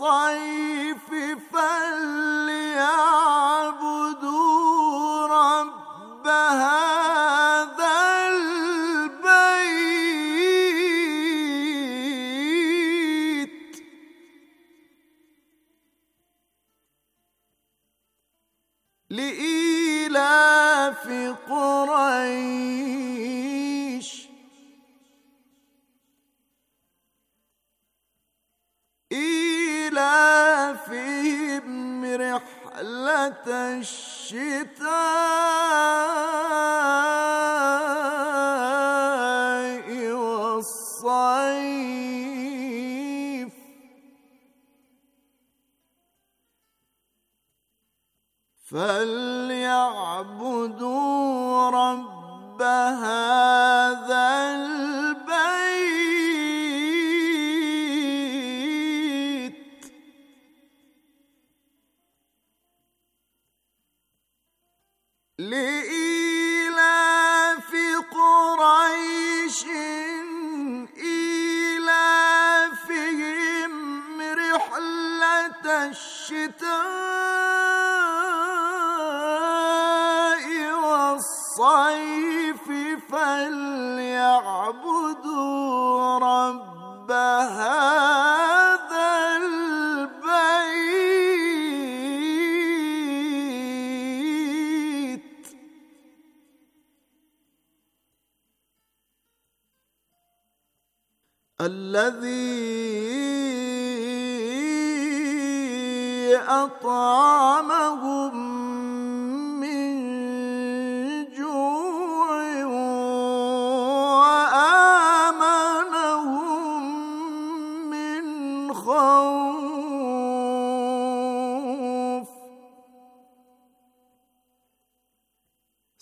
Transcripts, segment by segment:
الصيف فل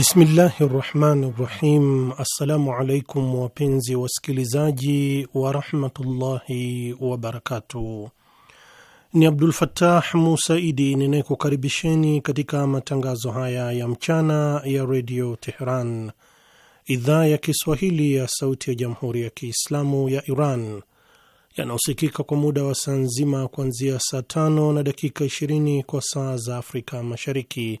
Bismillahi rahmani rahim. Assalamu alaikum wapenzi wasikilizaji warahmatullahi wabarakatuh. Ni Abdul Fattah Musaidi ninayekukaribisheni katika matangazo haya ya mchana ya redio Tehran, idhaa ya Kiswahili ya sauti ya jamhuri ya Kiislamu ya Iran, yanaosikika kwa muda wa saa nzima kuanzia saa tano na dakika 20 kwa saa za Afrika Mashariki,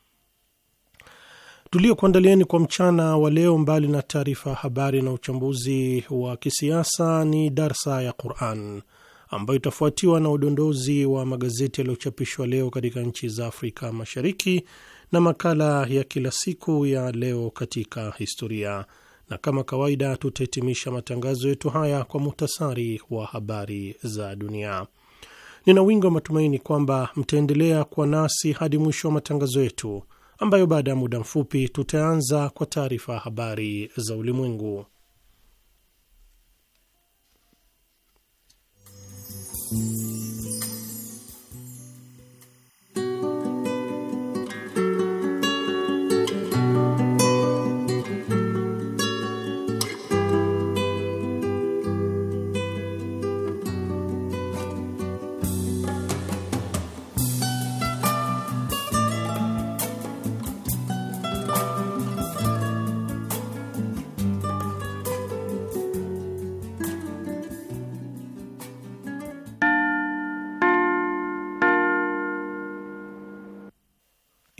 tuliokuandalieni kwa mchana wa leo, mbali na taarifa ya habari na uchambuzi wa kisiasa, ni darsa ya Quran ambayo itafuatiwa na udondozi wa magazeti yaliyochapishwa leo katika nchi za Afrika Mashariki na makala ya kila siku ya leo katika historia, na kama kawaida tutahitimisha matangazo yetu haya kwa muhtasari wa habari za dunia. Nina wingi wa matumaini kwamba mtaendelea kuwa nasi hadi mwisho wa matangazo yetu ambayo baada ya muda mfupi tutaanza kwa taarifa ya habari za ulimwengu.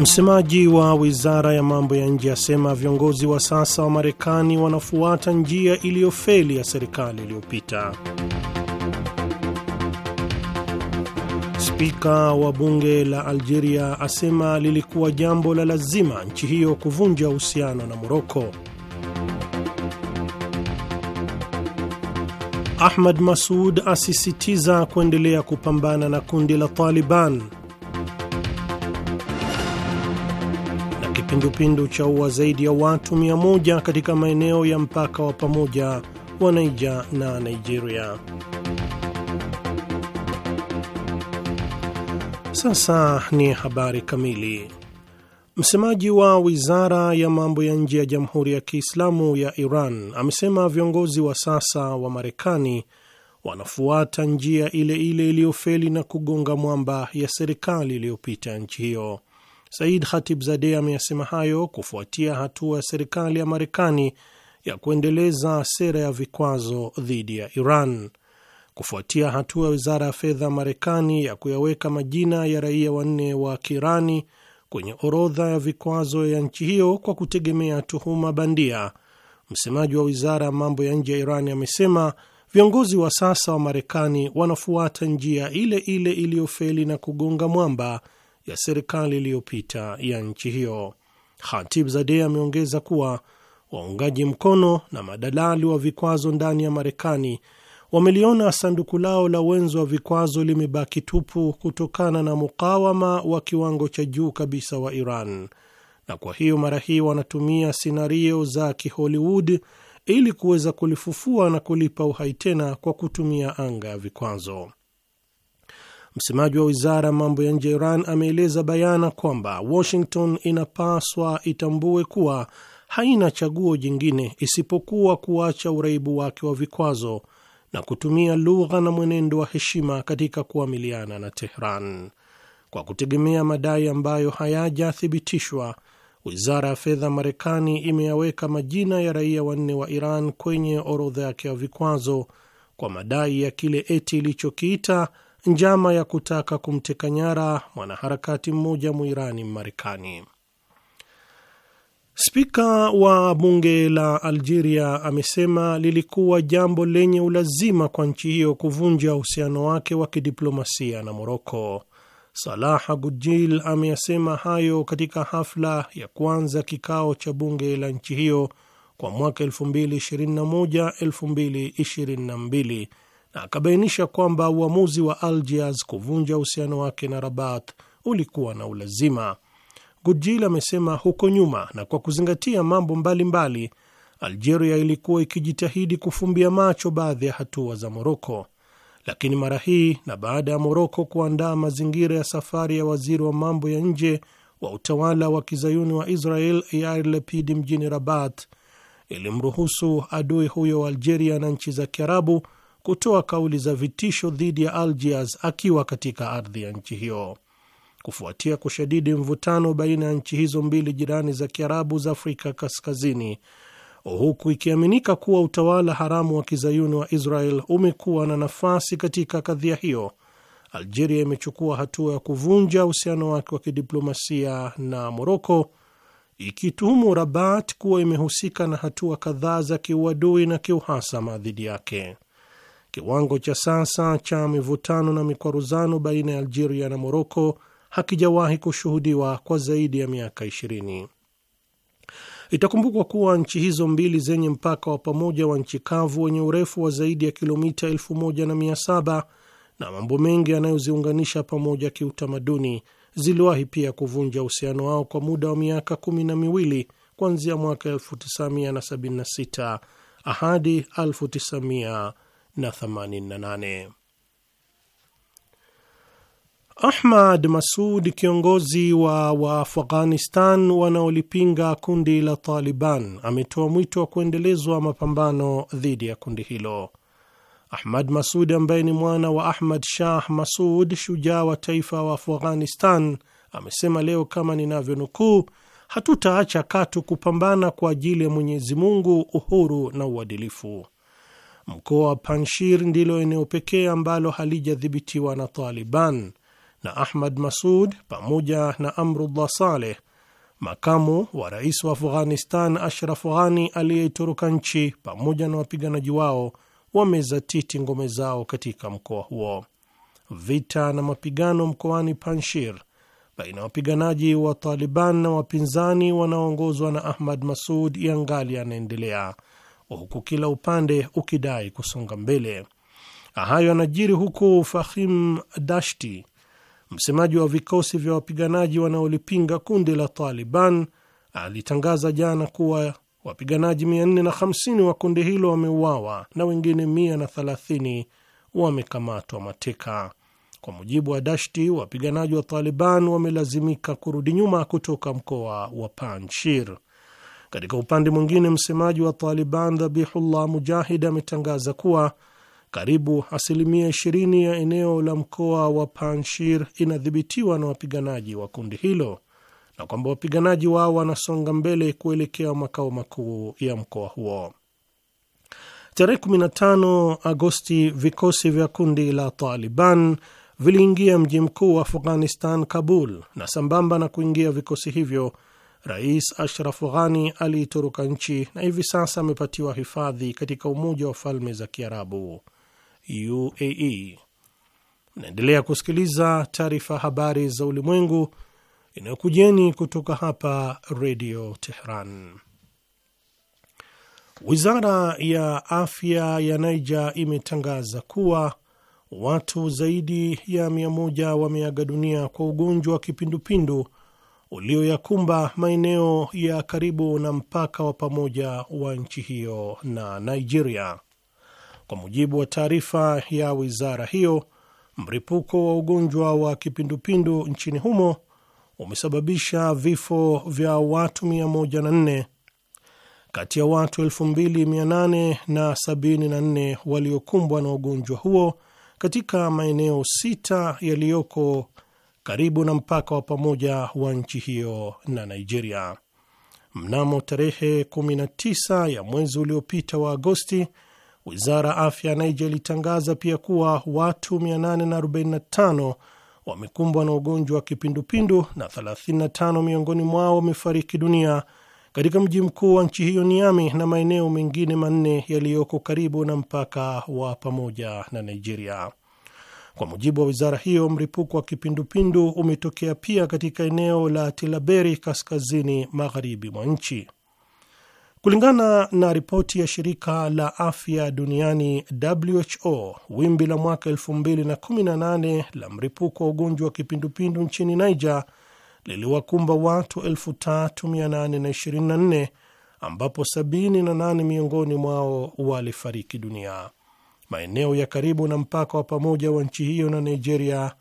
Msemaji wa wizara ya mambo ya nje asema viongozi wa sasa wa Marekani wanafuata njia iliyofeli ya serikali iliyopita. Spika wa bunge la Algeria asema lilikuwa jambo la lazima nchi hiyo kuvunja uhusiano na Moroko. Ahmad Masud asisitiza kuendelea kupambana na kundi la Taliban Kipindupindu chaua zaidi ya watu 1 katika maeneo ya mpaka wa pamoja wa Naija na Nigeria. Sasa ni habari kamili. Msemaji wa wizara ya mambo ya nje ya Jamhuri ya Kiislamu ya Iran amesema viongozi wa sasa wa Marekani wanafuata njia ile ile iliyofeli na kugonga mwamba ya serikali iliyopita nchi hiyo. Said zade ameyasema hayo kufuatia hatua ya serikali ya Marekani ya kuendeleza sera ya vikwazo dhidi ya Iran kufuatia hatua ya wizara ya fedha Marekani ya kuyaweka majina ya raia wanne wa Kirani kwenye orodha ya vikwazo ya nchi hiyo kwa kutegemea tuhuma bandia. Msemaji wa wizara ya mambo ya nje ya iran amesema viongozi wa sasa wa Marekani wanafuata njia ile ile iliyofeli na kugonga mwamba ya serikali iliyopita ya nchi hiyo. Khatib Zadeh ameongeza kuwa waungaji mkono na madalali wa vikwazo ndani ya Marekani wameliona sanduku lao la wenzo wa vikwazo limebaki tupu kutokana na mukawama wa kiwango cha juu kabisa wa Iran, na kwa hiyo mara hii wanatumia sinario za kihollywood ili kuweza kulifufua na kulipa uhai tena kwa kutumia anga ya vikwazo. Msemaji wa wizara ya mambo ya nje ya Iran ameeleza bayana kwamba Washington inapaswa itambue kuwa haina chaguo jingine isipokuwa kuacha uraibu wake wa vikwazo na kutumia lugha na mwenendo wa heshima katika kuamiliana na Tehran. Kwa kutegemea madai ambayo hayajathibitishwa, wizara ya fedha Marekani imeyaweka majina ya raia wanne wa Iran kwenye orodha yake ya vikwazo kwa madai ya kile eti ilichokiita njama ya kutaka kumteka nyara mwanaharakati mmoja mwirani Mmarekani. Spika wa bunge la Algeria amesema lilikuwa jambo lenye ulazima kwa nchi hiyo kuvunja uhusiano wake wa kidiplomasia na Moroko. Salah Gujil ameyasema hayo katika hafla ya kwanza kikao cha bunge la nchi hiyo kwa mwaka 2021-2022 na akabainisha kwamba uamuzi wa Algiers kuvunja uhusiano wake na Rabat ulikuwa na ulazima. Gudjil amesema huko nyuma na kwa kuzingatia mambo mbalimbali mbali, Algeria ilikuwa ikijitahidi kufumbia macho baadhi ya hatua za Moroko, lakini mara hii na baada ya Moroko kuandaa mazingira ya safari ya waziri wa mambo ya nje wa utawala wa kizayuni wa Israel Yair Lapid mjini Rabat ilimruhusu adui huyo wa Algeria na nchi za Kiarabu kutoa kauli za vitisho dhidi ya Algiers akiwa katika ardhi ya nchi hiyo. Kufuatia kushadidi mvutano baina ya nchi hizo mbili jirani za Kiarabu za Afrika Kaskazini, huku ikiaminika kuwa utawala haramu wa kizayuni wa Israel umekuwa na nafasi katika kadhia hiyo, Algeria imechukua hatua ya kuvunja uhusiano wake wa kidiplomasia na Moroko, ikituhumu Rabat kuwa imehusika na hatua kadhaa za kiuadui na kiuhasama dhidi yake. Kiwango cha sasa cha mivutano na mikwaruzano baina ya Algeria na Moroko hakijawahi kushuhudiwa kwa zaidi ya miaka ishirini Itakumbukwa kuwa nchi hizo mbili zenye mpaka wa pamoja wa nchi kavu wenye urefu wa zaidi ya kilomita moja na mambo mengi yanayoziunganisha pamoja kiutamaduni ziliwahi pia kuvunja uhusiano wao kwa muda wa miaka kumi na miwili kuanzia mwaka 1976 hadi 1980. Ahmad Masud, kiongozi wa Waafghanistan wanaolipinga kundi la Taliban, ametoa mwito wa kuendelezwa mapambano dhidi ya kundi hilo. Ahmad Masud ambaye ni mwana wa Ahmad Shah Masud, shujaa wa taifa wa Afghanistan, amesema leo kama ninavyonukuu, hatutaacha katu kupambana kwa ajili ya Mwenyezi Mungu, uhuru na uadilifu. Mkoa wa Panshir ndilo eneo pekee ambalo halijadhibitiwa na Taliban, na Ahmad Masud pamoja na Amrullah Saleh, makamu wa rais wa Afghanistan Ashraf Ghani aliyeitoroka nchi, pamoja na wapiganaji wao wamezatiti ngome zao katika mkoa huo. Vita na mapigano mkoani Panshir baina ya wapiganaji wa Taliban na wapinzani wanaoongozwa na Ahmad Masud yangali yanaendelea huku kila upande ukidai kusonga mbele. Hayo yanajiri huku Fahim Dashti, msemaji wa vikosi vya wapiganaji wanaolipinga kundi la Taliban, alitangaza jana kuwa wapiganaji 450 wa kundi hilo wameuawa na wengine 130 wamekamatwa mateka. Kwa mujibu wa Dashti, wapiganaji wa Taliban wamelazimika kurudi nyuma kutoka mkoa wa Panjshir. Katika upande mwingine, msemaji wa Taliban Dhabihullah Mujahid ametangaza kuwa karibu asilimia 20 ya eneo la mkoa wa Panshir inadhibitiwa na wapiganaji wa kundi hilo na kwamba wapiganaji wao wanasonga mbele kuelekea makao makuu ya mkoa huo. Tarehe 15 Agosti, vikosi vya kundi la Taliban viliingia mji mkuu wa Afghanistan, Kabul, na sambamba na kuingia vikosi hivyo Rais Ashraf Ghani aliitoroka nchi na hivi sasa amepatiwa hifadhi katika Umoja wa Falme za Kiarabu, UAE. Mnaendelea kusikiliza taarifa habari za ulimwengu inayokujeni kutoka hapa Redio Tehran. Wizara ya afya ya Naija imetangaza kuwa watu zaidi ya mia moja wameaga dunia kwa ugonjwa wa kipindupindu ulioyakumba maeneo ya karibu na mpaka wa pamoja wa nchi hiyo na Nigeria. Kwa mujibu wa taarifa ya wizara hiyo, mripuko wa ugonjwa wa kipindupindu nchini humo umesababisha vifo vya watu 104 kati ya watu 2874 waliokumbwa na ugonjwa huo katika maeneo sita yaliyoko karibu na mpaka wa pamoja wa nchi hiyo na Nigeria. Mnamo tarehe 19 ya mwezi uliopita wa Agosti, wizara ya afya ya Niger ilitangaza pia kuwa watu 845 wamekumbwa na ugonjwa wa kipindupindu na 35 miongoni mwao wamefariki dunia katika mji mkuu wa nchi hiyo niami na maeneo mengine manne yaliyoko karibu na mpaka wa pamoja na Nigeria. Kwa mujibu wa wizara hiyo, mlipuko wa kipindupindu umetokea pia katika eneo la Tilaberi, kaskazini magharibi mwa nchi. Kulingana na ripoti ya shirika la afya duniani WHO, wimbi la mwaka 2018 la mripuko wa ugonjwa wa kipindupindu nchini Niger liliwakumba watu 3824 ambapo 78 miongoni mwao walifariki dunia maeneo ya karibu na mpaka wa pamoja wa nchi hiyo na Nigeria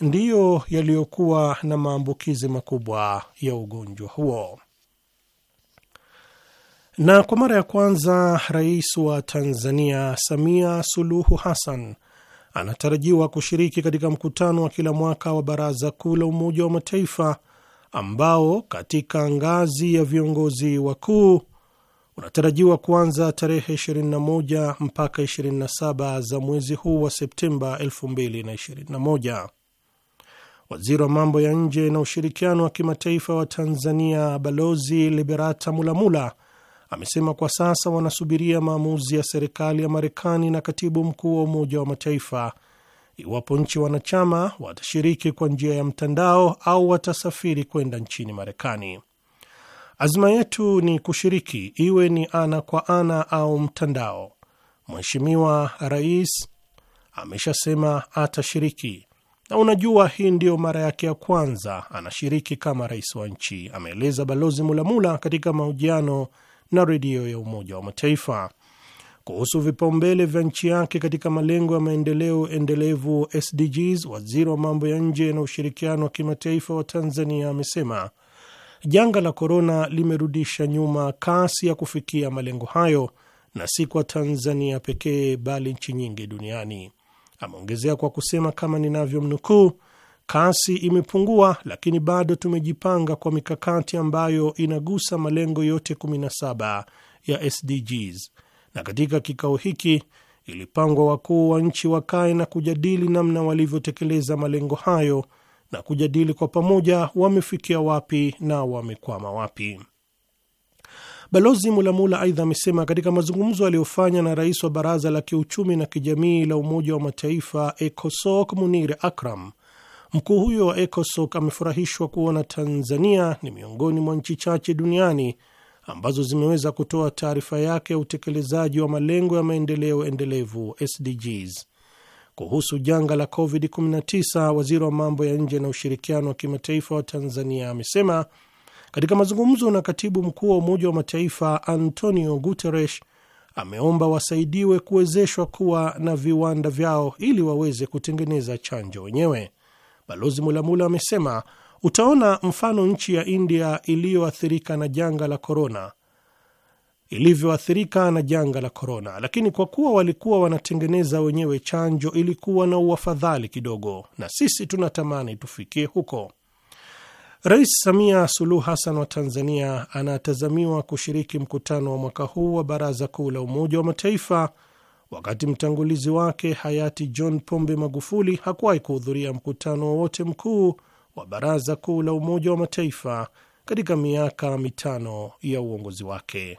ndiyo yaliyokuwa na maambukizi makubwa ya ugonjwa huo. Na kwa mara ya kwanza rais wa Tanzania Samia Suluhu Hassan anatarajiwa kushiriki katika mkutano wa kila mwaka wa Baraza Kuu la Umoja wa Mataifa ambao katika ngazi ya viongozi wakuu unatarajiwa kuanza tarehe 21 mpaka 27 za mwezi huu wa Septemba 2021. Waziri wa mambo ya nje na ushirikiano wa kimataifa wa Tanzania, Balozi Liberata Mulamula amesema kwa sasa wanasubiria maamuzi ya serikali ya Marekani na katibu mkuu wa Umoja wa Mataifa iwapo nchi wanachama watashiriki kwa njia ya mtandao au watasafiri kwenda nchini Marekani. Azma yetu ni kushiriki, iwe ni ana kwa ana au mtandao. Mheshimiwa Rais ameshasema atashiriki, na unajua hii ndiyo mara yake ya kwanza anashiriki kama rais wa nchi, ameeleza Balozi Mulamula katika mahojiano na redio ya Umoja wa Mataifa kuhusu vipaumbele vya nchi yake katika malengo ya maendeleo endelevu SDGs. Waziri wa mambo ya nje na ushirikiano wa kimataifa wa Tanzania amesema janga la korona limerudisha nyuma kasi ya kufikia malengo hayo, na si kwa Tanzania pekee, bali nchi nyingi duniani. Ameongezea kwa kusema kama ninavyomnukuu, kasi imepungua, lakini bado tumejipanga kwa mikakati ambayo inagusa malengo yote 17 ya SDGs, na katika kikao hiki ilipangwa wakuu wa nchi wakae na kujadili namna walivyotekeleza malengo hayo na kujadili kwa pamoja wamefikia wapi na wamekwama wapi. Balozi Mulamula aidha amesema katika mazungumzo aliyofanya na rais wa baraza la kiuchumi na kijamii la Umoja wa Mataifa ECOSOC Munir Akram, mkuu huyo wa ECOSOC amefurahishwa kuona Tanzania ni miongoni mwa nchi chache duniani ambazo zimeweza kutoa taarifa yake ya utekelezaji wa malengo ya maendeleo endelevu SDGs kuhusu janga la COVID-19, waziri wa mambo ya nje na ushirikiano wa kimataifa wa Tanzania amesema katika mazungumzo na katibu mkuu wa Umoja wa Mataifa Antonio Guterres ameomba wasaidiwe kuwezeshwa kuwa na viwanda vyao ili waweze kutengeneza chanjo wenyewe. Balozi Mulamula amesema utaona mfano nchi ya India iliyoathirika na janga la korona ilivyoathirika na janga la korona, lakini kwa kuwa walikuwa wanatengeneza wenyewe chanjo ilikuwa na uafadhali kidogo, na sisi tunatamani tufikie huko. Rais Samia Suluhu Hassan wa Tanzania anatazamiwa kushiriki mkutano wa mwaka huu wa Baraza Kuu la Umoja wa Mataifa, wakati mtangulizi wake hayati John Pombe Magufuli hakuwahi kuhudhuria mkutano wowote mkuu wa Baraza Kuu la Umoja wa Mataifa katika miaka mitano ya uongozi wake.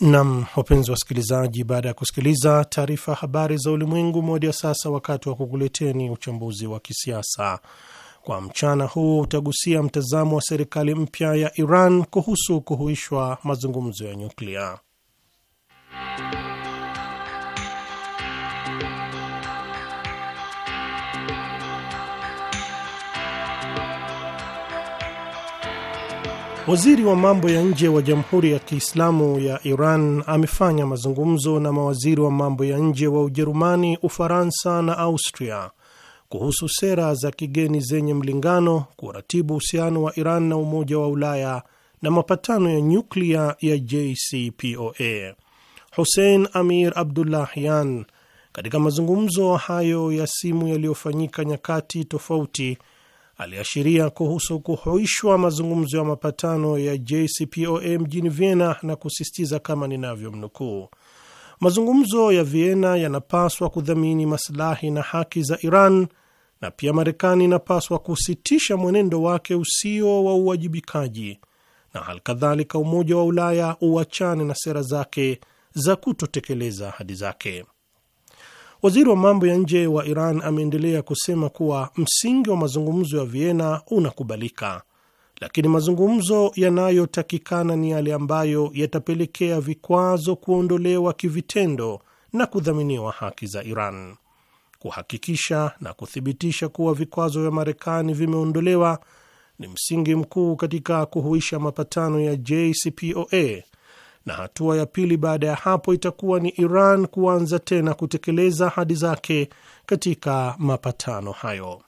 Nam, wapenzi wasikilizaji, baada ya kusikiliza taarifa habari za ulimwengu moja, sasa wakati wa kukuleteni uchambuzi wa kisiasa kwa mchana huu. Utagusia mtazamo wa serikali mpya ya Iran kuhusu kuhuishwa mazungumzo ya nyuklia. Waziri wa mambo ya nje wa Jamhuri ya Kiislamu ya Iran amefanya mazungumzo na mawaziri wa mambo ya nje wa Ujerumani, Ufaransa na Austria kuhusu sera za kigeni zenye mlingano, kuratibu uhusiano wa Iran na Umoja wa Ulaya na mapatano ya nyuklia ya JCPOA. Hussein Amir Abdullahian katika mazungumzo hayo ya simu yaliyofanyika nyakati tofauti aliashiria kuhusu kuhuishwa mazungumzo ya mapatano ya JCPOA mjini Vienna na kusisitiza kama ninavyomnukuu, mazungumzo ya Vienna yanapaswa kudhamini masilahi na haki za Iran na pia Marekani inapaswa kusitisha mwenendo wake usio wa uwajibikaji na kadhalika, Umoja wa Ulaya uachane na sera zake za kutotekeleza ahadi zake. Waziri wa mambo ya nje wa Iran ameendelea kusema kuwa msingi wa mazungumzo ya Vienna unakubalika, lakini mazungumzo yanayotakikana ni yale ambayo yatapelekea vikwazo kuondolewa kivitendo na kudhaminiwa haki za Iran. Kuhakikisha na kuthibitisha kuwa vikwazo vya Marekani vimeondolewa ni msingi mkuu katika kuhuisha mapatano ya JCPOA na hatua ya pili baada ya hapo itakuwa ni Iran kuanza tena kutekeleza ahadi zake katika mapatano hayo.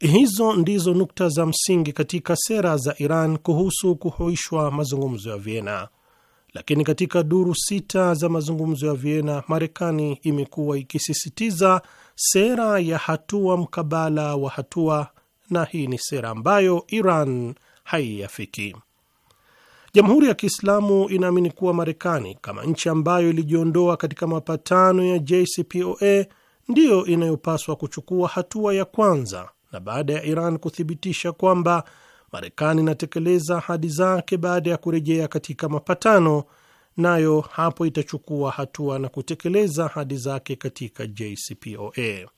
Hizo ndizo nukta za msingi katika sera za Iran kuhusu kuhuishwa mazungumzo ya Vienna. Lakini katika duru sita za mazungumzo ya Vienna, Marekani imekuwa ikisisitiza sera ya hatua mkabala wa hatua, na hii ni sera ambayo Iran haiafiki. Jamhuri ya Kiislamu inaamini kuwa Marekani kama nchi ambayo ilijiondoa katika mapatano ya JCPOA ndiyo inayopaswa kuchukua hatua ya kwanza, na baada ya Iran kuthibitisha kwamba Marekani inatekeleza ahadi zake baada ya kurejea katika mapatano, nayo hapo itachukua hatua na kutekeleza ahadi zake katika JCPOA.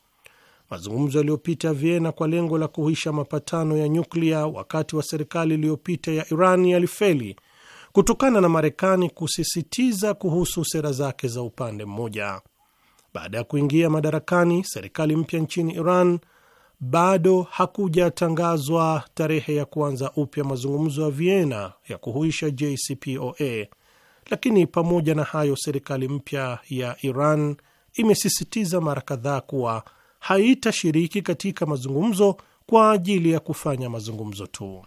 Mazungumzo yaliyopita Vienna kwa lengo la kuhuisha mapatano ya nyuklia wakati wa serikali iliyopita ya Iran yalifeli kutokana na Marekani kusisitiza kuhusu sera zake za upande mmoja. Baada ya kuingia madarakani serikali mpya nchini Iran, bado hakujatangazwa tarehe ya kuanza upya mazungumzo ya Vienna ya kuhuisha JCPOA, lakini pamoja na hayo, serikali mpya ya Iran imesisitiza mara kadhaa kuwa haitashiriki katika mazungumzo kwa ajili ya kufanya mazungumzo tu.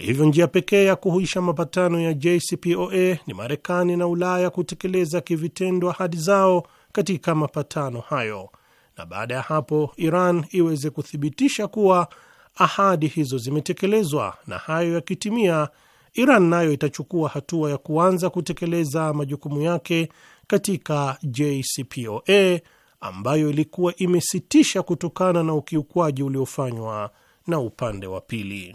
Hivyo njia pekee ya kuhuisha mapatano ya JCPOA ni Marekani na Ulaya kutekeleza kivitendo ahadi zao katika mapatano hayo, na baada ya hapo Iran iweze kuthibitisha kuwa ahadi hizo zimetekelezwa, na hayo yakitimia, Iran nayo itachukua hatua ya kuanza kutekeleza majukumu yake katika JCPOA ambayo ilikuwa imesitisha kutokana na ukiukwaji uliofanywa na upande wa pili.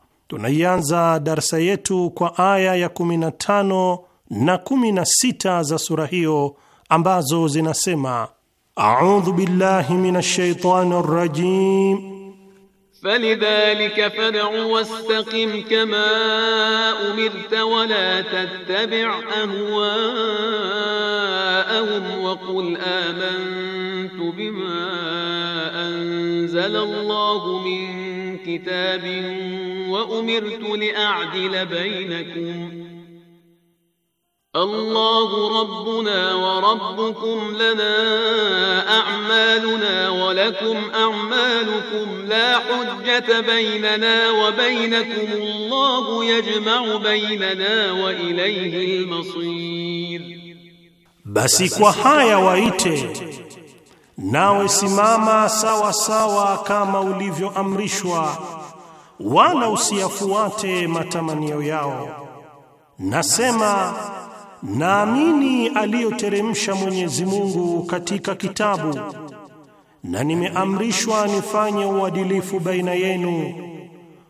Tunaianza darsa yetu kwa aya ya 15 na 16 za sura hiyo ambazo zinasema: audhu billahi minash shaitani rajim Falidhalika fad'u wastaqim kama umirta wala tattabi' ahwa'ahum wa qul amantu bima أنزل الله من كتاب وأمرت لأعدل بينكم الله ربنا وربكم لنا أعمالنا ولكم أعمالكم لا حجة بيننا وبينكم الله يجمع بيننا وإليه المصير بس kwa وإيتي nawe simama sawa sawa kama ulivyoamrishwa, wala usiyafuate matamanio yao. Nasema, naamini aliyoteremsha Mwenyezi Mungu katika kitabu, na nimeamrishwa nifanye uadilifu baina yenu.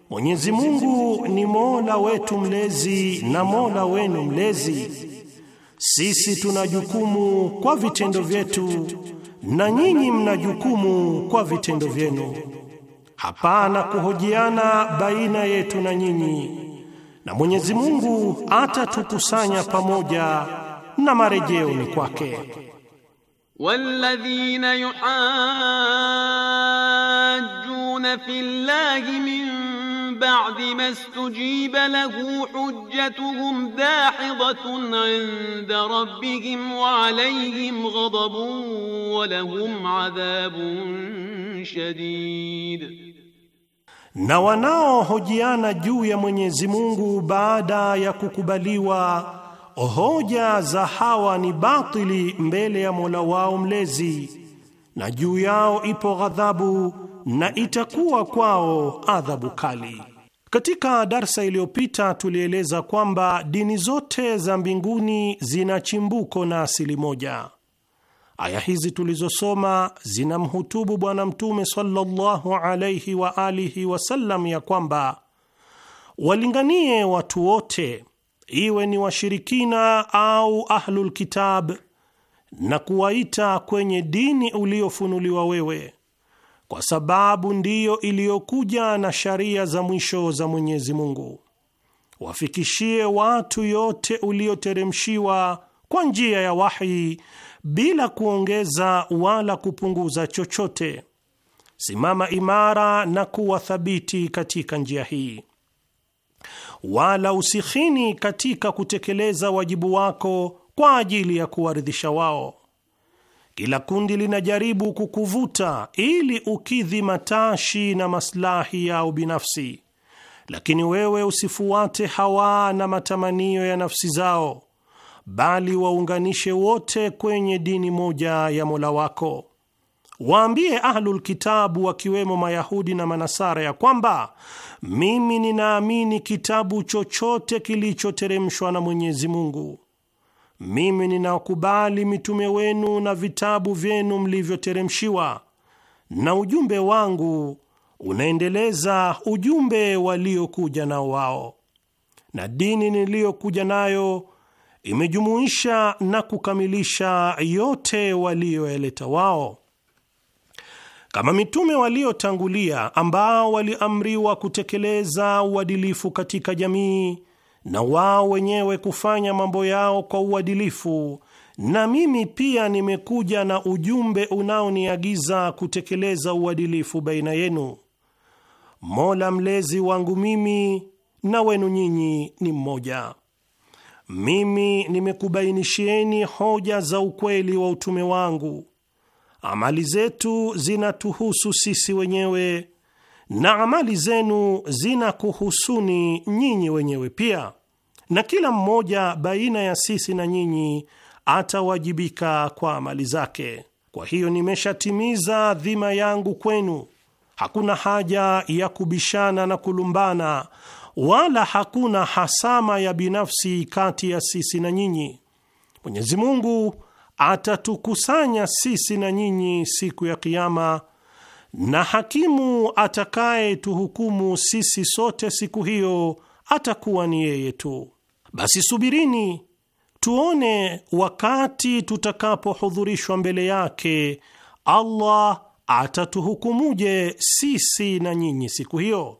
Mwenyezi Mungu ni Mola wetu mlezi na Mola wenu mlezi. Sisi tuna jukumu kwa vitendo vyetu na nyinyi mna jukumu kwa vitendo vyenu. Hapana kuhojiana baina yetu na nyinyi, na Mwenyezi Mungu atatukusanya pamoja na marejeo ni kwake. walladhina yuhajjuna fillahi min ba'di ma stujiba lahu hujjatuhum dahidatun 'inda rabbihim wa 'alayhim ghadabun wa lahum 'adhabun shadid na wanaohojiana juu ya Mwenyezi Mungu baada ya kukubaliwa hoja za hawa ni batili mbele ya Mola wao mlezi, na juu yao ipo ghadhabu na itakuwa kwao adhabu kali. Katika darsa iliyopita tulieleza kwamba dini zote za mbinguni zina chimbuko na asili moja. Aya hizi tulizosoma zinamhutubu Bwana Mtume sallallahu alaihi wa alihi wasallam ya kwamba walinganie watu wote, iwe ni washirikina au ahlulkitab, na kuwaita kwenye dini uliofunuliwa wewe kwa sababu ndiyo iliyokuja na sharia za mwisho za Mwenyezi Mungu. Wafikishie watu yote ulioteremshiwa kwa njia ya wahi bila kuongeza wala kupunguza chochote. Simama imara na kuwa thabiti katika njia hii, wala usikhini katika kutekeleza wajibu wako kwa ajili ya kuwaridhisha wao. Kila kundi linajaribu kukuvuta ili ukidhi matashi na maslahi yao binafsi, lakini wewe usifuate hawa na matamanio ya nafsi zao, bali waunganishe wote kwenye dini moja ya Mola wako. Waambie Ahlul Kitabu wakiwemo Mayahudi na Manasara ya kwamba mimi ninaamini kitabu chochote kilichoteremshwa na Mwenyezi Mungu mimi ninakubali mitume wenu na vitabu vyenu mlivyoteremshiwa, na ujumbe wangu unaendeleza ujumbe waliokuja nao wao, na dini niliyokuja nayo imejumuisha na kukamilisha yote waliyoyaleta wao, kama mitume waliotangulia ambao waliamriwa kutekeleza uadilifu katika jamii na wao wenyewe kufanya mambo yao kwa uadilifu, na mimi pia nimekuja na ujumbe unaoniagiza kutekeleza uadilifu baina yenu. Mola mlezi wangu mimi na wenu nyinyi ni mmoja. Mimi nimekubainishieni hoja za ukweli wa utume wangu. Amali zetu zinatuhusu sisi wenyewe na amali zenu zinakuhusuni nyinyi wenyewe pia, na kila mmoja baina ya sisi na nyinyi atawajibika kwa amali zake. Kwa hiyo nimeshatimiza dhima yangu kwenu, hakuna haja ya kubishana na kulumbana, wala hakuna hasama ya binafsi kati ya sisi na nyinyi. Mwenyezi Mungu atatukusanya sisi na nyinyi siku ya Kiama na hakimu atakayetuhukumu sisi sote siku hiyo atakuwa ni yeye tu. Basi subirini tuone wakati tutakapohudhurishwa mbele yake Allah atatuhukumuje sisi na nyinyi siku hiyo.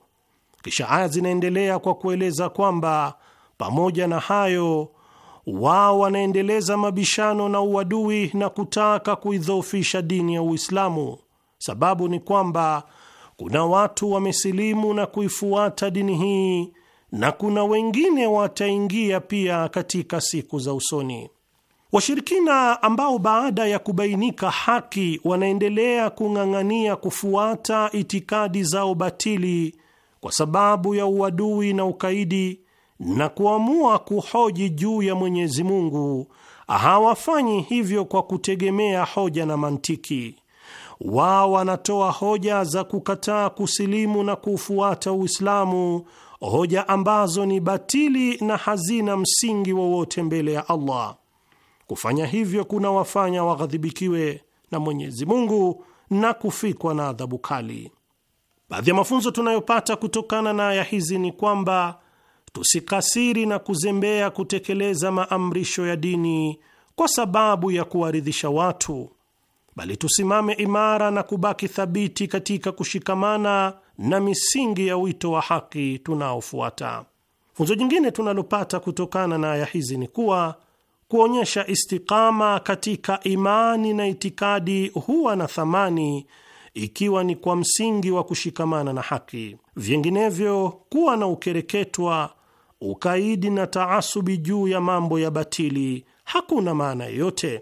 Kisha aya zinaendelea kwa kueleza kwamba pamoja na hayo, wao wanaendeleza mabishano na uadui na kutaka kuidhoofisha dini ya Uislamu. Sababu ni kwamba kuna watu wamesilimu na kuifuata dini hii na kuna wengine wataingia pia katika siku za usoni. Washirikina ambao baada ya kubainika haki wanaendelea kung'ang'ania kufuata itikadi zao batili kwa sababu ya uadui na ukaidi na kuamua kuhoji juu ya Mwenyezi Mungu, hawafanyi hivyo kwa kutegemea hoja na mantiki, wao wanatoa hoja za kukataa kusilimu na kuufuata Uislamu, hoja ambazo ni batili na hazina msingi wowote mbele ya Allah. Kufanya hivyo kuna wafanya waghadhibikiwe na Mwenyezi Mungu na kufikwa na adhabu kali. Baadhi ya mafunzo tunayopata kutokana na aya hizi ni kwamba tusikasiri na kuzembea kutekeleza maamrisho ya dini kwa sababu ya kuwaridhisha watu, bali tusimame imara na kubaki thabiti katika kushikamana na misingi ya wito wa haki tunaofuata. Funzo jingine tunalopata kutokana na aya hizi ni kuwa kuonyesha istikama katika imani na itikadi huwa na thamani ikiwa ni kwa msingi wa kushikamana na haki. Vinginevyo, kuwa na ukereketwa, ukaidi na taasubi juu ya mambo ya batili hakuna maana yoyote.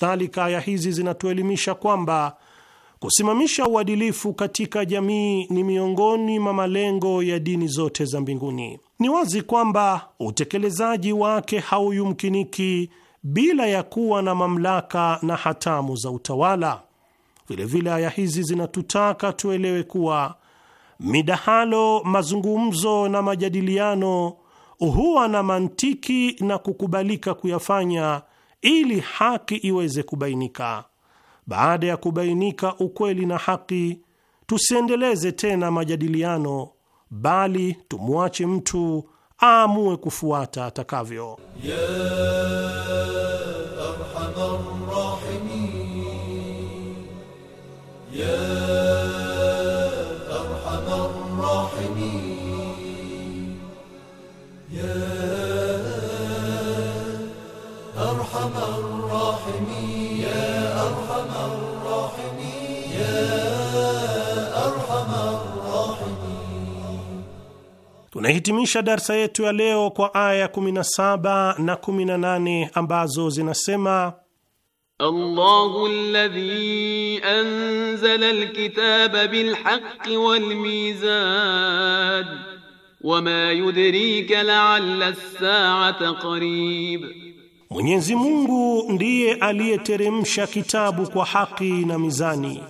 Kadhalika, aya hizi zinatuelimisha kwamba kusimamisha uadilifu katika jamii ni miongoni mwa malengo ya dini zote za mbinguni. Ni wazi kwamba utekelezaji wake hauyumkiniki bila ya kuwa na mamlaka na hatamu za utawala. Vilevile, aya hizi zinatutaka tuelewe kuwa midahalo, mazungumzo na majadiliano huwa na mantiki na kukubalika kuyafanya ili haki iweze kubainika. Baada ya kubainika ukweli na haki, tusiendeleze tena majadiliano, bali tumwache mtu aamue kufuata atakavyo. yeah, Tunahitimisha darsa yetu ya leo kwa aya 17 na 18 ambazo zinasema Allahu alladhi anzala alkitaba bilhaqqi walmizan wama yudrika la'alla as-sa'ata qarib, Mwenyezi Mungu ndiye aliyeteremsha kitabu kwa haki na mizani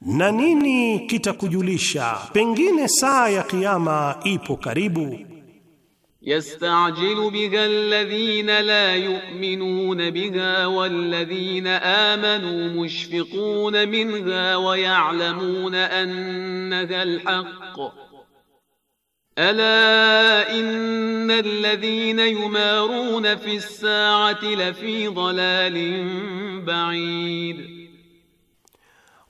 na nini kitakujulisha pengine saa ya kiyama ipo karibu. Yastajilu biha alladhina la yu'minuna biha walladhina amanu mushfiquna minha wa ya'lamuna annaha alhaq ألا إن الذين يمارون في الساعة لفي ضلال بعيد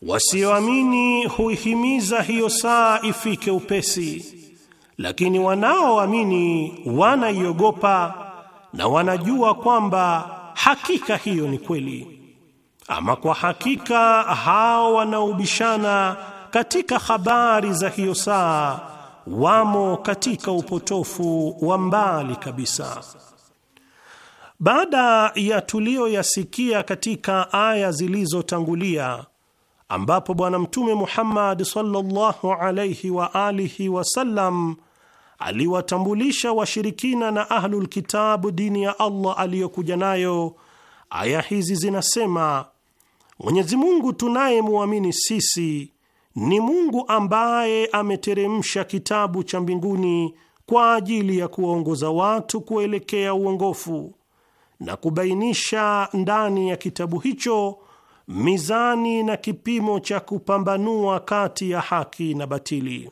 Wasioamini huihimiza hiyo saa ifike upesi, lakini wanaoamini wanaiogopa na wanajua kwamba hakika hiyo ni kweli. Ama kwa hakika hao wanaobishana katika habari za hiyo saa wamo katika upotofu wa mbali kabisa. Baada ya tuliyoyasikia katika aya zilizotangulia ambapo Bwana Mtume Muhammad sallallahu alayhi wa alihi wasallam aliwatambulisha washirikina na ahlul kitabu dini ya Allah aliyokuja nayo. Aya hizi zinasema, Mwenyezi Mungu tunayemwamini sisi ni Mungu ambaye ameteremsha kitabu cha mbinguni kwa ajili ya kuwaongoza watu kuelekea uongofu na kubainisha ndani ya kitabu hicho mizani na kipimo cha kupambanua kati ya haki na batili.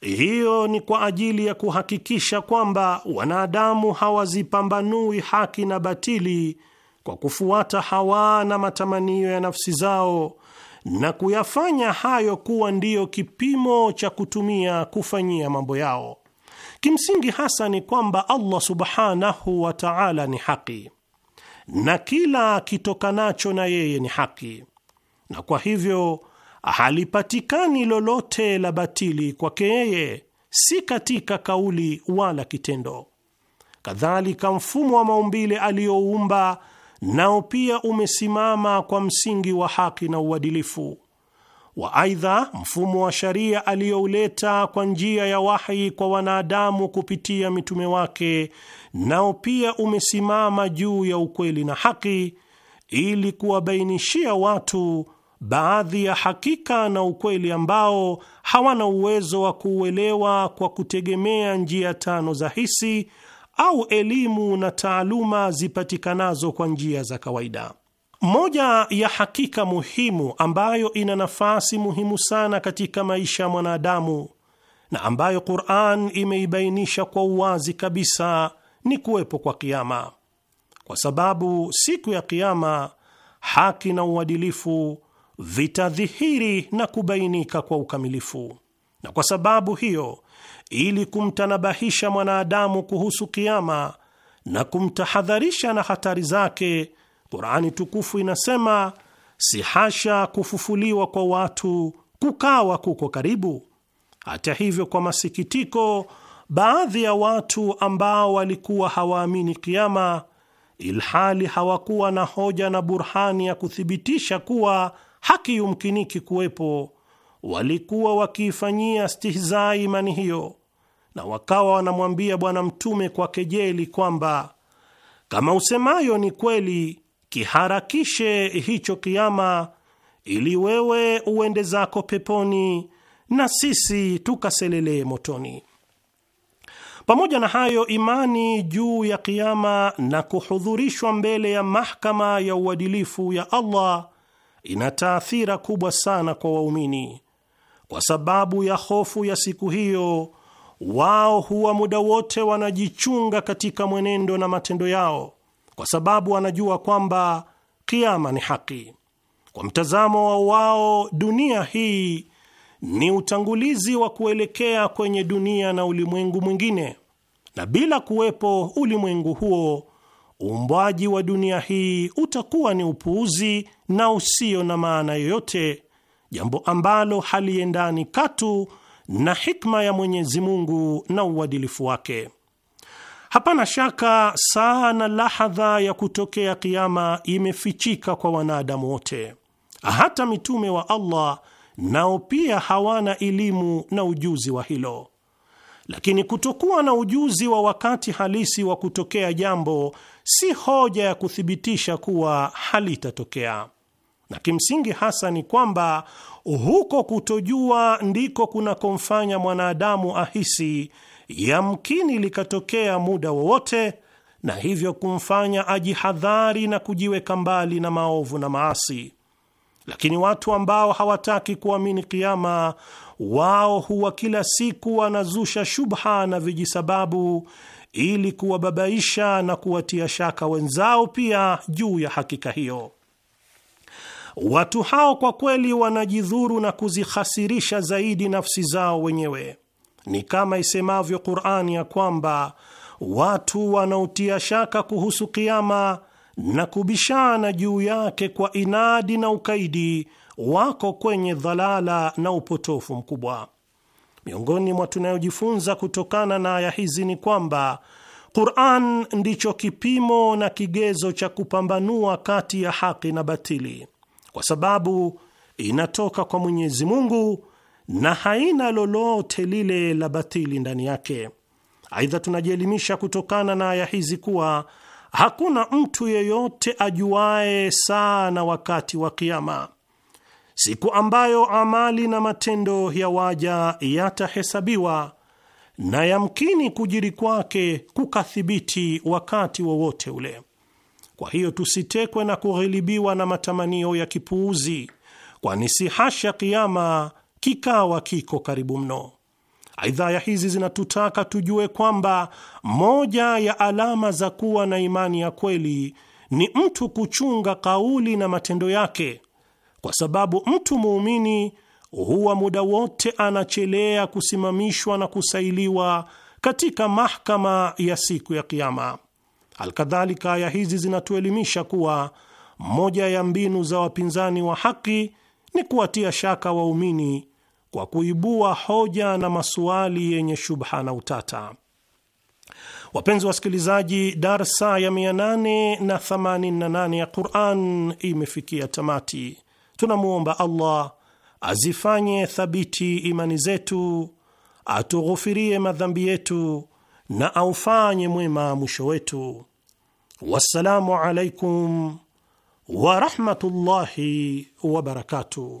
Hiyo ni kwa ajili ya kuhakikisha kwamba wanadamu hawazipambanui haki na batili kwa kufuata hawa na matamanio ya nafsi zao na kuyafanya hayo kuwa ndiyo kipimo cha kutumia kufanyia mambo yao. Kimsingi hasa ni kwamba Allah subhanahu wa ta'ala ni haki na kila kitokanacho na yeye ni haki, na kwa hivyo halipatikani lolote la batili kwake yeye, si katika kauli wala kitendo. Kadhalika, mfumo wa maumbile aliyoumba nao pia umesimama kwa msingi wa haki na uadilifu wa. Aidha, mfumo wa sharia aliyouleta kwa njia ya wahi kwa wanadamu kupitia mitume wake nao pia umesimama juu ya ukweli na haki, ili kuwabainishia watu baadhi ya hakika na ukweli ambao hawana uwezo wa kuuelewa kwa kutegemea njia tano za hisi au elimu na taaluma zipatikanazo kwa njia za kawaida. Moja ya hakika muhimu ambayo ina nafasi muhimu sana katika maisha ya mwanadamu na ambayo Qur'an imeibainisha kwa uwazi kabisa ni kuwepo kwa kiama, kwa sababu siku ya kiama haki na uadilifu vitadhihiri na kubainika kwa ukamilifu. Na kwa sababu hiyo, ili kumtanabahisha mwanadamu kuhusu kiama na kumtahadharisha na hatari zake, Qur'ani tukufu inasema si hasha kufufuliwa kwa watu kukawa kuko karibu. Hata hivyo, kwa masikitiko baadhi ya watu ambao walikuwa hawaamini kiama, ilhali hawakuwa na hoja na burhani ya kuthibitisha kuwa haki yumkiniki kuwepo, walikuwa wakiifanyia stihzai imani hiyo, na wakawa wanamwambia Bwana Mtume kwa kejeli kwamba kama usemayo ni kweli, kiharakishe hicho kiama ili wewe uende zako peponi na sisi tukaselelee motoni. Pamoja na hayo, imani juu ya kiama na kuhudhurishwa mbele ya mahakama ya uadilifu ya Allah ina taathira kubwa sana kwa waumini. Kwa sababu ya hofu ya siku hiyo, wao huwa muda wote wanajichunga katika mwenendo na matendo yao, kwa sababu wanajua kwamba kiama ni haki. Kwa mtazamo wa wao, dunia hii ni utangulizi wa kuelekea kwenye dunia na ulimwengu mwingine, na bila kuwepo ulimwengu huo, uumbwaji wa dunia hii utakuwa ni upuuzi na usio na maana yoyote, jambo ambalo haliendani katu na hikma ya Mwenyezi Mungu na uadilifu wake. Hapana shaka saa na lahadha ya kutokea kiama imefichika kwa wanadamu wote. Hata mitume wa Allah nao pia hawana elimu na ujuzi wa hilo. Lakini kutokuwa na ujuzi wa wakati halisi wa kutokea jambo si hoja ya kuthibitisha kuwa halitatokea, na kimsingi hasa ni kwamba huko kutojua ndiko kunakomfanya mwanadamu ahisi yamkini likatokea muda wowote, na hivyo kumfanya ajihadhari na kujiweka mbali na maovu na maasi. Lakini watu ambao hawataki kuamini kiama, wao huwa kila siku wanazusha shubha na vijisababu ili kuwababaisha na kuwatia shaka wenzao pia juu ya hakika hiyo. Watu hao kwa kweli wanajidhuru na kuzikhasirisha zaidi nafsi zao wenyewe. Ni kama isemavyo Qur'ani ya kwamba watu wanaotia shaka kuhusu kiama na kubishana juu yake kwa inadi na ukaidi, wako kwenye dhalala na upotofu mkubwa. Miongoni mwa tunayojifunza kutokana na aya hizi ni kwamba Qur'an ndicho kipimo na kigezo cha kupambanua kati ya haki na batili, kwa sababu inatoka kwa Mwenyezi Mungu na haina lolote lile la batili ndani yake. Aidha, tunajielimisha kutokana na aya hizi kuwa Hakuna mtu yeyote ajuaye saa na wakati wa Kiama, siku ambayo amali na matendo ya waja yatahesabiwa na yamkini kujiri kwake kukathibiti wakati wowote wa ule. Kwa hiyo tusitekwe na kughilibiwa na matamanio ya kipuuzi, kwani si hasha kiama kikawa kiko karibu mno. Aidha, ya hizi zinatutaka tujue kwamba moja ya alama za kuwa na imani ya kweli ni mtu kuchunga kauli na matendo yake, kwa sababu mtu muumini huwa muda wote anachelea kusimamishwa na kusailiwa katika mahakama ya siku ya Kiama. Alkadhalika, aya hizi zinatuelimisha kuwa moja ya mbinu za wapinzani wa haki ni kuwatia shaka waumini kwa kuibua hoja na masuali yenye shubha na utata. Wapenzi wasikilizaji, darsa ya 888 ya Quran imefikia tamati. Tunamwomba Allah azifanye thabiti imani zetu, atughufirie madhambi yetu na aufanye mwema mwisho wetu. Wassalamu alaikum warahmatullahi wabarakatuh.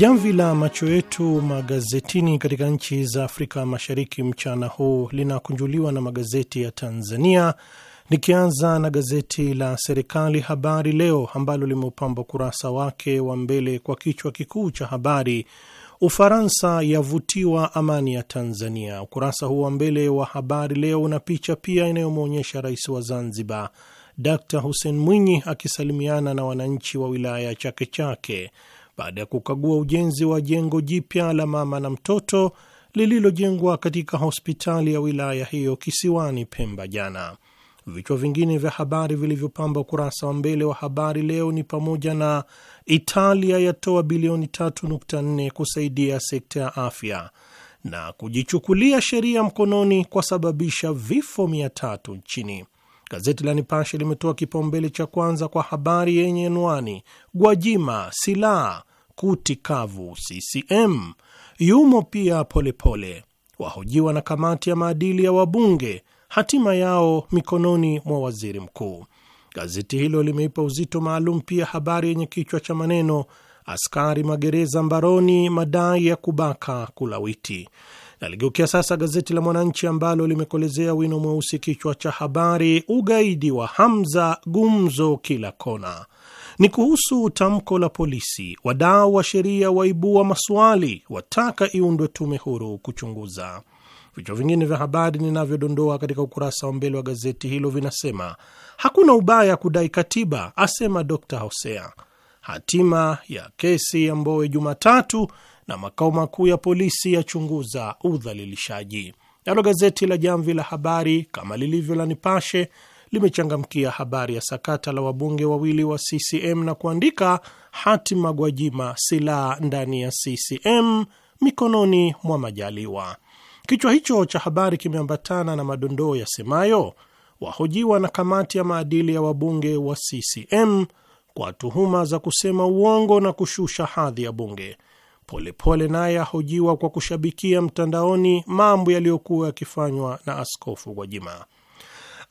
Jamvi la macho yetu magazetini katika nchi za Afrika Mashariki mchana huu linakunjuliwa na magazeti ya Tanzania, nikianza na gazeti la serikali Habari Leo ambalo limeupamba ukurasa wake wa mbele kwa kichwa kikuu cha habari, Ufaransa yavutiwa amani ya Tanzania. Ukurasa huu wa mbele wa Habari Leo una picha pia inayomwonyesha rais wa Zanzibar Dr Hussein Mwinyi akisalimiana na wananchi wa wilaya ya Chake Chake baada ya kukagua ujenzi wa jengo jipya la mama na mtoto lililojengwa katika hospitali ya wilaya hiyo kisiwani Pemba jana. Vichwa vingine vya habari vilivyopamba ukurasa wa mbele wa habari leo ni pamoja na Italia yatoa bilioni 3.4 kusaidia sekta ya afya na kujichukulia sheria mkononi kwasababisha vifo 3 nchini. Gazeti la Nipashe limetoa kipaumbele cha kwanza kwa habari yenye anwani Gwajima silaha kuti kavu CCM. Yumo pia Polepole, wahojiwa na kamati ya maadili ya wabunge, hatima yao mikononi mwa waziri mkuu. Gazeti hilo limeipa uzito maalum pia habari yenye kichwa cha maneno askari magereza mbaroni, madai ya kubaka kulawiti. Naligeukia sasa gazeti la Mwananchi ambalo limekolezea wino mweusi kichwa cha habari, ugaidi wa Hamza gumzo kila kona ni kuhusu tamko la polisi. Wadau wa sheria waibua maswali, wataka iundwe tume huru kuchunguza. Vichwa vingine vya habari ninavyodondoa katika ukurasa wa mbele wa gazeti hilo vinasema: hakuna ubaya kudai katiba, asema Dr Hosea; hatima ya kesi ya Mbowe Jumatatu; na makao makuu ya polisi yachunguza udhalilishaji. Nalo gazeti la Jamvi la Habari, kama lilivyo la Nipashe, limechangamkia habari ya sakata la wabunge wawili wa CCM na kuandika hatima Gwajima, silaha ndani ya CCM mikononi mwa Majaliwa. Kichwa hicho cha habari kimeambatana na madondoo yasemayo wahojiwa na kamati ya maadili ya wabunge wa CCM kwa tuhuma za kusema uongo na kushusha hadhi ya bunge. Polepole naye ahojiwa kwa kushabikia mtandaoni mambo yaliyokuwa yakifanywa na Askofu Gwajima.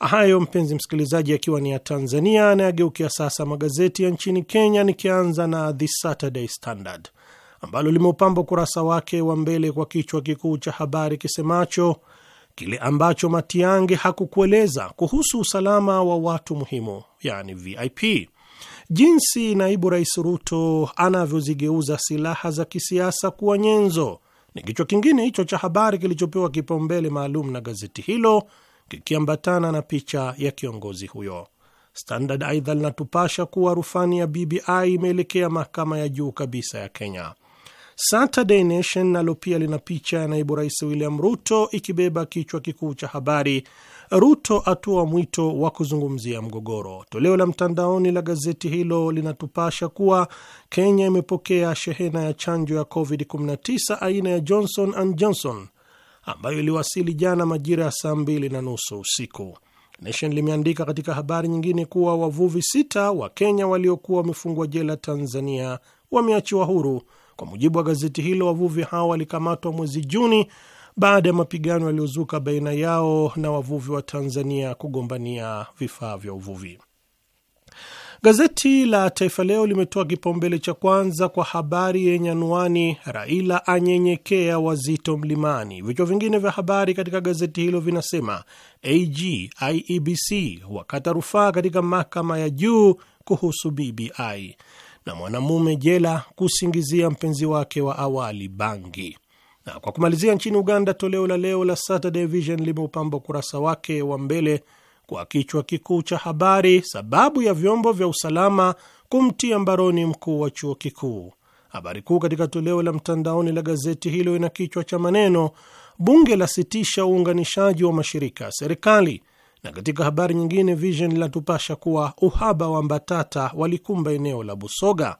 Hayo mpenzi msikilizaji, akiwa ni ya Tanzania. Anayegeukia sasa magazeti ya nchini Kenya, nikianza na The Saturday Standard ambalo limeupamba ukurasa wake wa mbele kwa kichwa kikuu cha habari kisemacho kile ambacho Matiang'i hakukueleza kuhusu usalama wa watu muhimu, yani VIP, jinsi naibu rais Ruto anavyozigeuza silaha za kisiasa kuwa nyenzo, ni kichwa kingine hicho cha habari kilichopewa kipaumbele maalum na gazeti hilo kikiambatana na picha ya kiongozi huyo. Standard aidha linatupasha kuwa rufani ya BBI imeelekea mahakama ya juu kabisa ya Kenya. Saturday Nation nalo pia lina picha ya naibu rais William Ruto ikibeba kichwa kikuu cha habari, Ruto atoa mwito wa kuzungumzia mgogoro. Toleo la mtandaoni la gazeti hilo linatupasha kuwa Kenya imepokea shehena ya chanjo ya COVID-19 aina ya Johnson and Johnson ambayo iliwasili jana majira ya saa mbili na nusu usiku. Nation limeandika katika habari nyingine kuwa wavuvi sita wa Kenya waliokuwa wamefungwa jela Tanzania wameachiwa huru. Kwa mujibu wa gazeti hilo, wavuvi hao walikamatwa mwezi Juni baada ya mapigano yaliyozuka baina yao na wavuvi wa Tanzania kugombania vifaa vya uvuvi. Gazeti la Taifa Leo limetoa kipaumbele cha kwanza kwa habari yenye anwani Raila anyenyekea wazito mlimani. Vichwa vingine vya habari katika gazeti hilo vinasema AG IEBC wakata rufaa katika mahakama ya juu kuhusu BBI, na mwanamume jela kusingizia mpenzi wake wa awali bangi. Na kwa kumalizia, nchini Uganda, toleo la leo la Saturday Vision limeupamba ukurasa wake wa mbele kwa kichwa kikuu cha habari, sababu ya vyombo vya usalama kumtia mbaroni mkuu wa chuo kikuu. Habari kuu katika toleo la mtandaoni la gazeti hilo ina kichwa cha maneno, bunge lasitisha uunganishaji wa mashirika ya serikali. Na katika habari nyingine, Vision linatupasha kuwa uhaba wa mbatata walikumba eneo la Busoga.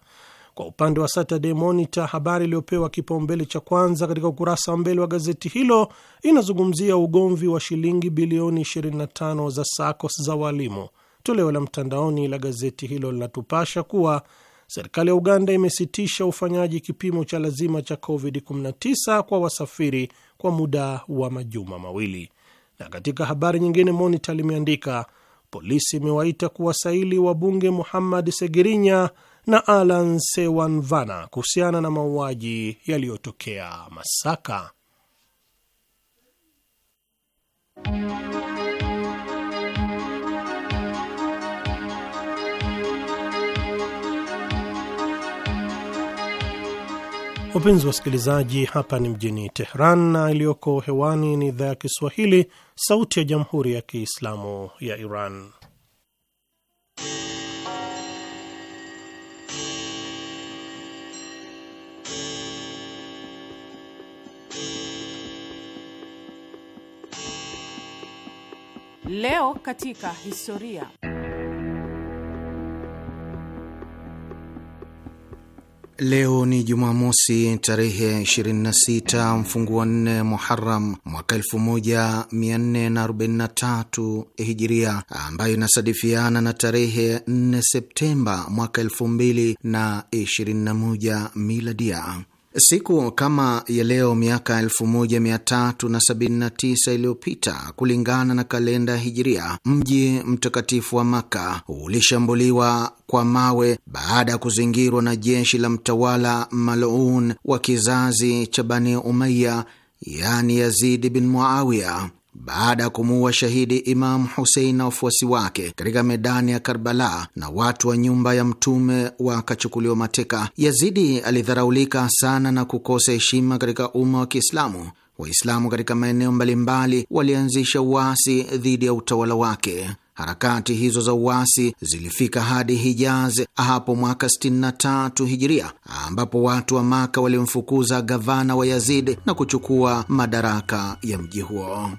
Kwa upande wa Saturday Monitor, habari iliyopewa kipaumbele cha kwanza katika ukurasa wa mbele wa gazeti hilo inazungumzia ugomvi wa shilingi bilioni 25 za SACCOS za walimu. Toleo la mtandaoni la gazeti hilo linatupasha kuwa serikali ya Uganda imesitisha ufanyaji kipimo cha lazima cha COVID-19 kwa wasafiri kwa muda wa majuma mawili. Na katika habari nyingine, Monitor limeandika polisi imewaita kuwasaili wabunge Muhammad Segirinya na Alan Sewanvana kuhusiana na mauaji yaliyotokea Masaka. Wapenzi wasikilizaji, hapa ni mjini Tehran na iliyoko hewani ni idhaa ya Kiswahili, Sauti ya Jamhuri ya Kiislamu ya Iran. Leo katika historia. Leo ni Jumamosi, tarehe 26 mfungu wa nne Muharam mwaka 1443 Hijiria, ambayo inasadifiana na tarehe 4 Septemba mwaka 2021 Miladia. Siku kama ya leo miaka 1379 iliyopita kulingana na kalenda Hijiria, mji mtakatifu wa Maka ulishambuliwa kwa mawe baada ya kuzingirwa na jeshi la mtawala malun wa kizazi cha Bani Umaya, yani Yazidi bin Muawiya baada ya kumuua shahidi Imamu Husein na wafuasi wake katika medani ya Karbala na watu wa nyumba ya Mtume wakachukuliwa mateka, Yazidi alidharaulika sana na kukosa heshima katika umma wa Kiislamu. Waislamu katika maeneo mbalimbali walianzisha uasi dhidi ya utawala wake. Harakati hizo za uasi zilifika hadi Hijaz hapo mwaka 63 Hijiria, ambapo watu wa Maka walimfukuza gavana wa Yazid na kuchukua madaraka ya mji huo.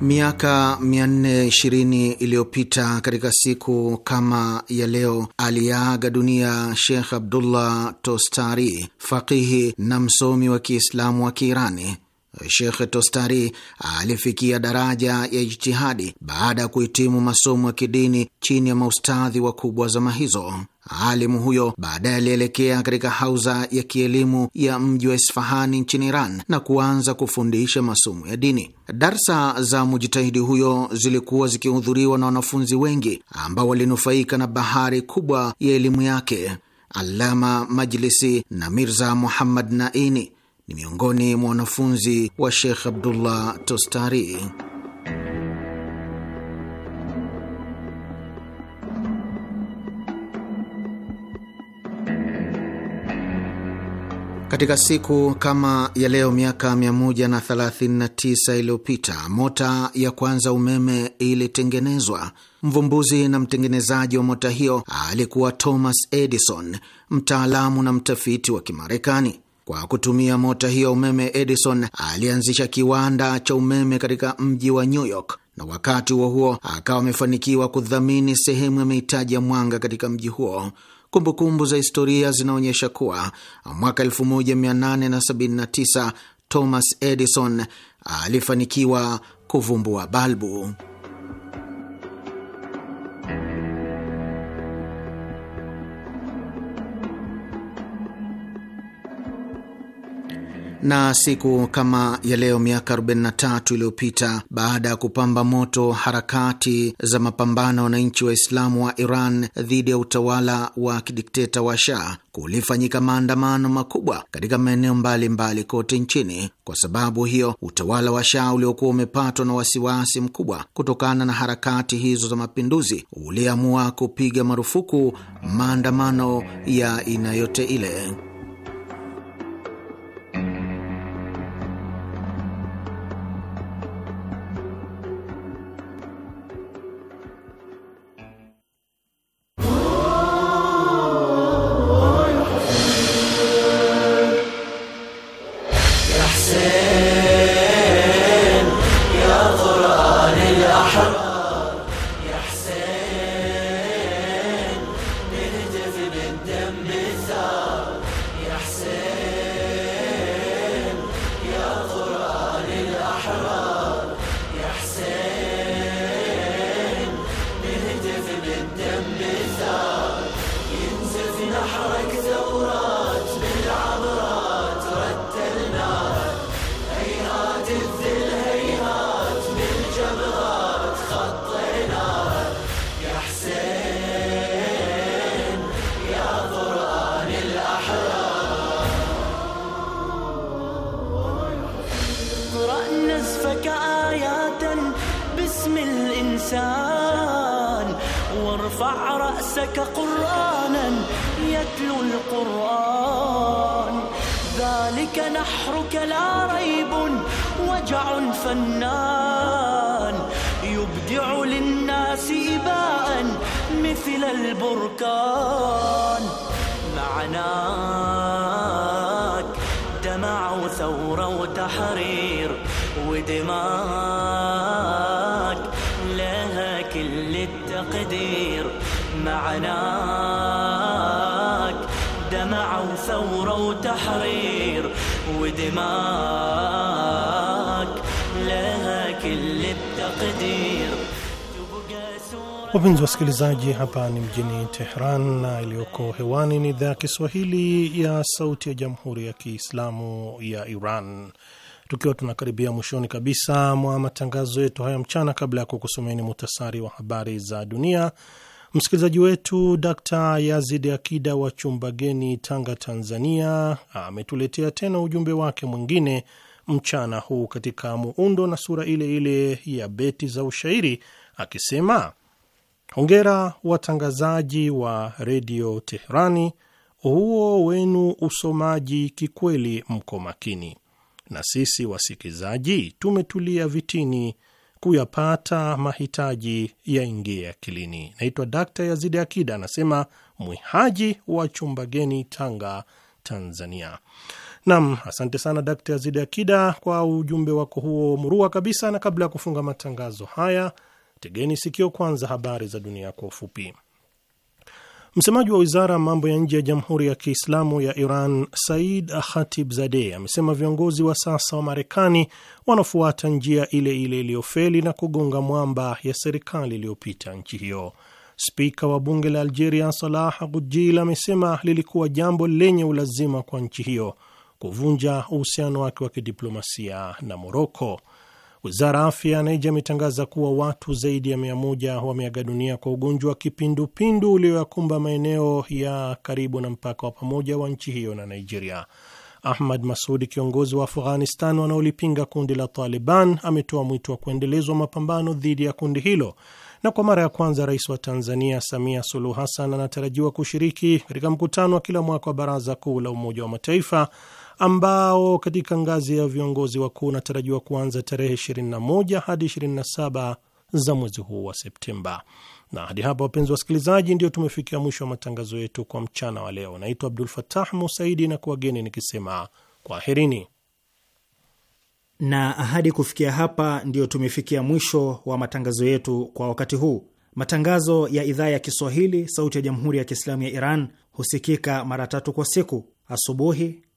Miaka 420 iliyopita katika siku kama ya leo aliaga dunia Sheikh Abdullah Tostari, faqihi na msomi wa Kiislamu wa Kiirani. Shekhe Tostari alifikia daraja ya ijtihadi baada ya kuhitimu masomo ya kidini chini ya maustadhi wakubwa zama hizo. Alimu huyo baadaye alielekea katika hauza ya kielimu ya mji wa Isfahani nchini Iran na kuanza kufundisha masomo ya dini. Darsa za mujitahidi huyo zilikuwa zikihudhuriwa na wanafunzi wengi ambao walinufaika na bahari kubwa ya elimu yake. Alama Majlisi na Mirza Muhammad Naini ni miongoni mwa wanafunzi wa Shekh Abdullah Tostari. Katika siku kama ya leo miaka 139 iliyopita mota ya kwanza umeme ilitengenezwa. Mvumbuzi na mtengenezaji wa mota hiyo alikuwa Thomas Edison, mtaalamu na mtafiti wa Kimarekani. Kwa kutumia mota hiyo umeme, Edison alianzisha kiwanda cha umeme katika mji wa New York na wakati huo huo akawa amefanikiwa kudhamini sehemu ya mahitaji ya mwanga katika mji huo. Kumbukumbu za historia zinaonyesha kuwa mwaka 1879 Thomas Edison alifanikiwa kuvumbua balbu. na siku kama ya leo miaka 43 iliyopita, baada ya kupamba moto harakati za mapambano wananchi Waislamu wa Iran dhidi ya utawala wa kidikteta wa Shah, kulifanyika maandamano makubwa katika maeneo mbalimbali kote nchini. Kwa sababu hiyo, utawala wa Shah uliokuwa umepatwa na wasiwasi mkubwa kutokana na harakati hizo za mapinduzi uliamua kupiga marufuku maandamano ya aina yote ile. يبدع للناس إباء مثل البركان معناك دمعوا ثورة وتحرير ودماك لها كل التقدير معناك دمعوا ثورة وتحرير ودماك Wapenzi wasikilizaji, hapa ni mjini Tehran na iliyoko hewani ni idhaa ya Kiswahili ya Sauti ya Jamhuri ya Kiislamu ya Iran, tukiwa tunakaribia mwishoni kabisa mwa matangazo yetu haya mchana. Kabla ya kukusomeni muhtasari wa habari za dunia, msikilizaji wetu Dkta Yazid Akida wa Chumbageni, Tanga, Tanzania, ametuletea tena ujumbe wake mwingine mchana huu katika muundo na sura ile ile ya beti za ushairi akisema Hongera watangazaji wa redio Teherani, huo wenu usomaji, kikweli mko makini, na sisi wasikizaji tumetulia vitini kuyapata mahitaji ya ya akilini. Naitwa Dakta Yazidi Akida, anasema mwihaji wa chumba geni Tanga, Tanzania. Nam, asante sana Dakta Yazidi Akida kwa ujumbe wako huo murua kabisa. Na kabla ya kufunga matangazo haya Tegeni sikio kwanza habari za dunia kwa ufupi. Msemaji wa wizara ya mambo ya nje ya Jamhuri ya Kiislamu ya Iran Said Khatibzadeh amesema viongozi wa sasa wa Marekani wanafuata njia ile ile iliyofeli na kugonga mwamba ya serikali iliyopita nchi hiyo. Spika wa bunge la Algeria Salah Gujil amesema lilikuwa jambo lenye ulazima kwa nchi hiyo kuvunja uhusiano wake wa kidiplomasia na Moroko. Wizara ya afya ya Naija imetangaza kuwa watu zaidi ya mia moja wameaga dunia kwa ugonjwa wa kipindupindu ulioyakumba maeneo ya karibu na mpaka wa pamoja wa nchi hiyo na Nigeria. Ahmad Masudi, kiongozi wa Afghanistan wanaolipinga kundi la Taliban, ametoa mwito wa kuendelezwa mapambano dhidi ya kundi hilo. Na kwa mara ya kwanza rais wa Tanzania Samia Suluhu Hassan anatarajiwa kushiriki katika mkutano wa kila mwaka wa Baraza Kuu la Umoja wa Mataifa ambao katika ngazi ya viongozi wakuu unatarajiwa kuanza tarehe 21 hadi 27 za mwezi huu wa Septemba. Na hadi hapa, wapenzi wasikilizaji, ndio tumefikia mwisho wa matangazo yetu kwa mchana wa leo. Naitwa Abdul Fatah Musaidi na kuwageni nikisema kwaherini na ahadi. Kufikia hapa, ndio tumefikia mwisho wa matangazo yetu kwa wakati huu. Matangazo ya idhaa ya Kiswahili, Sauti ya Jamhuri ya Kiislamu ya Iran husikika mara tatu kwa siku: asubuhi